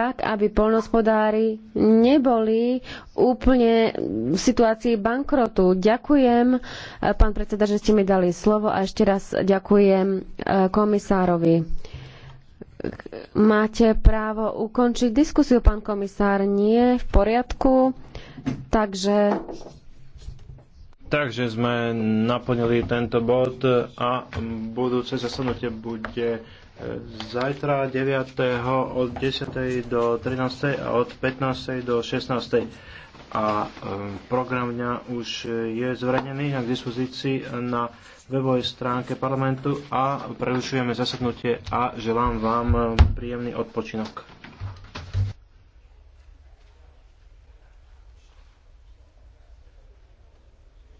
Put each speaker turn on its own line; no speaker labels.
tak, aby polnospodári neboli úplne v situácii bankrotu. Ďakujem, eh, pán predseda, že ste mi dali slovo a ešte raz ďakujem eh, komisárovi. Máte právo ukončiť diskusiu, pán komisár. Nie, v poriadku. Takže
Takže sme naplnili tento bod a budúce zasadnutie bude e, zajtra 9. od 10. do 13. a od 15. do 16. A e, program dňa už je zverejnený na k dispozícii na webovej stránke parlamentu a prerušujeme zasadnutie a želám vám príjemný odpočinok.